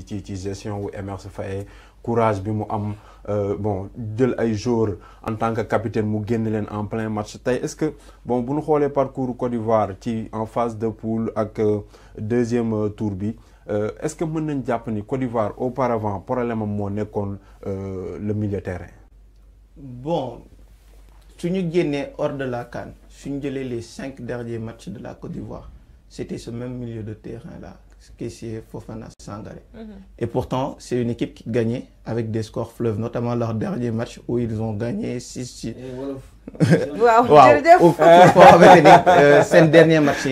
utilisation ou gestion courage bi mu am euh, bon jël ay en tant que capitaine mu génn en plein match est-ce que bon nous xolé parcours Côte d'Ivoire ci en phase de poule ak euh, deuxième euh, tour est-ce que mon nañ japp ni Côte d'Ivoire auparavant problème mo nekkone le milieu de terrain. bon suñu nous hors de la canne si nous les cinq derniers matchs de la Côte d'Ivoire c'était ce même milieu de terrain là qui Fofana fait Mm -hmm. Et pourtant, c'est une équipe qui gagnait avec des scores fleuves, notamment leur dernier match où ils ont gagné 6-6. Wow. wow. c'est le dernier match.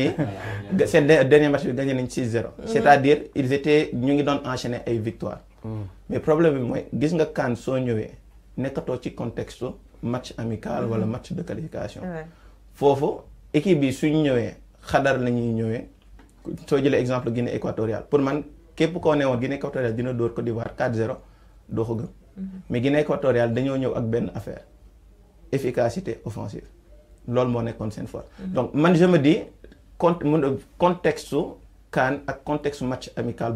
C'est le dernier match, ils gagné 6-0. Mhm. C'est-à-dire, ils étaient, enchaînés avons enchaîner une victoire. Mm. Mais le problème, c'est que quand ils sont dans contexte match amical ou mhm. match de qualification, il faut que l'équipe soit xadar la ñuy l'exemple de exemple Guinée équatoriale pour moi, képp koo ne Guinée équatoriale dina Côte d'Ivoire 4-0 doo ko mhm. mais Guinée équatoriale dañoo ñëw ak benn affaire efficacité offensive loolu moo nekkoon seen force. Mhm. donc je me dis le contexte su CAN ak contexte match amical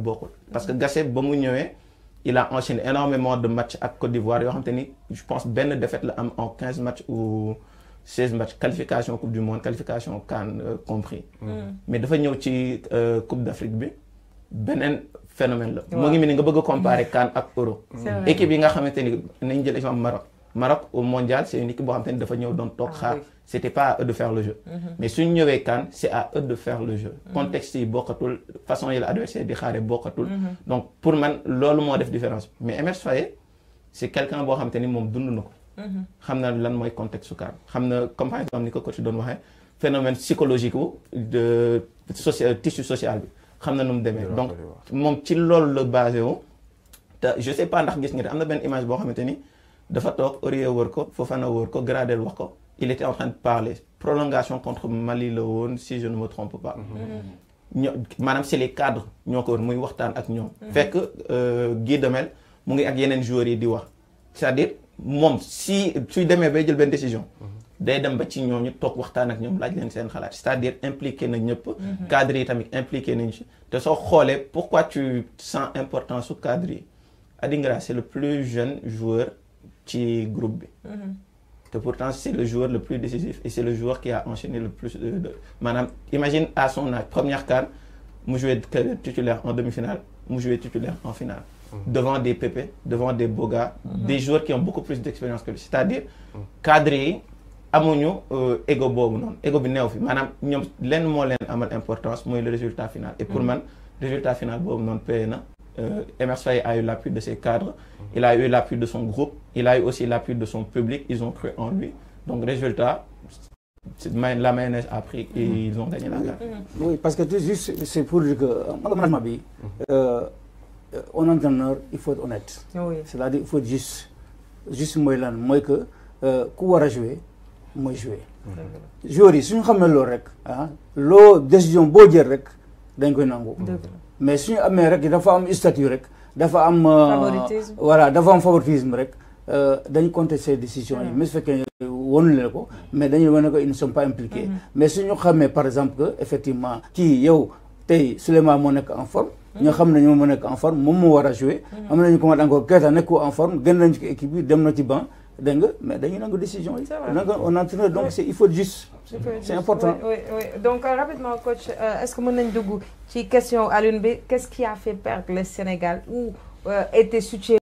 parce que mhm. Gasset ba il a enchaîné énormément de matchs ak Côte d'Ivoire yoo xam je pense benn défaite en 15 matchs ou. 16 matchs qualification coupe du monde qualification CAN euh, compris mm. Mm. mais dafa ñëw ci euh, coupe d'Afrique c'est un phénomène Je ne ngi pas comparer mm. Cannes ak Euro équipe qui nga été ni Maroc Maroc au mondial c'est une équipe qui a été dafa ah, Ce n'était pas à eux de faire le jeu mm-hmm. mais suñ ñëwee Cannes, c'est à eux de faire le jeu mm-hmm. contexte est yi la façon yi l'adversaire est di à tout mm-hmm. donc pour man loolu fait def différence mais MS Faye, c'est quelqu'un qui a été moom dund xam na lan mooy contexte car kaam xam comme par exemple ni ko coach doon waxee phénomène psychologique ou de social tissu social bi xam na donc mon ci loolu la basé wu te je sais pas ndax gis nga am na benn image boo xamante ni dafa toog Aurier wër ko Fofana wër ko Gradel wax ko il était en train de parler prolongation contre Mali la woon si je ne me trompe pas madame mm-hmm. mm-hmm. maanaam c'est les cadres ñoo ko woon muy waxtaan ak ñoom mm-hmm. fekk euh, Guy Demel mu ngi ak yeneen joueurs yi di wax c'est-à-dire si tu as bay jël bonne décision. day dem ba ci ñooñu tok ak c'est-à-dire impliquer na ñëpp. Mhm. cadre tamit te soo xoolee pourquoi tu sens importance su cadre Adingra c'est le plus jeune joueur ci groupe bi. Mhm. pourtant c'est le joueur le plus décisif et c'est le joueur qui a enchaîné le plus de imagine à son âge première carte, mu le titulaire en demi-finale mu jouer titulaire en finale devant des pépés, devant des beaux gars, mhm. des joueurs qui ont beaucoup plus d'expérience que lui. C'est-à-dire, mhm. cadrer, amuñu euh, ego boobu non, ego bi neew fi Manam ñom lenn mo leen amal importance moy le résultat final et pour mhm. man résultat final boobu non, payena. Euh, Emerse Faye a eu l'appui de ses cadres il a eu l'appui de son groupe il a eu aussi l'appui de son public ils ont cru en lui donc résultat la mayonnaise a pris et ils ont gagné la guerre oui parce que juste c'est pour que euh, management euh, un euh, entraîneur il faut être honnête. Oui. c'est-à-dire il faut juste juste moi là, moi, que euh, war a jouer moi, jouer. joueurs yi suñu si nous loolu rek rec, ah, loo décision boo jël rek dañ koy nangu. mais suñu amee rek dafa am statut rek dafa am. Euh, voilà dafa un favoritisme rek euh, dañ contester ces décisions. mais su que on le ko mais dañuy wane ko ils ne sont pas impliqués. Mm-hmm. mais suñu xamee par exemple que effectivement qui yow tey seulement moo en forme. Nous en forme jouer en forme équipe mais décision donc donc il faut juste c'est important oui oui donc euh, rapidement coach euh, est-ce que mon nañ tu question à qu'est-ce qui a fait perdre le Sénégal ou euh, était soutien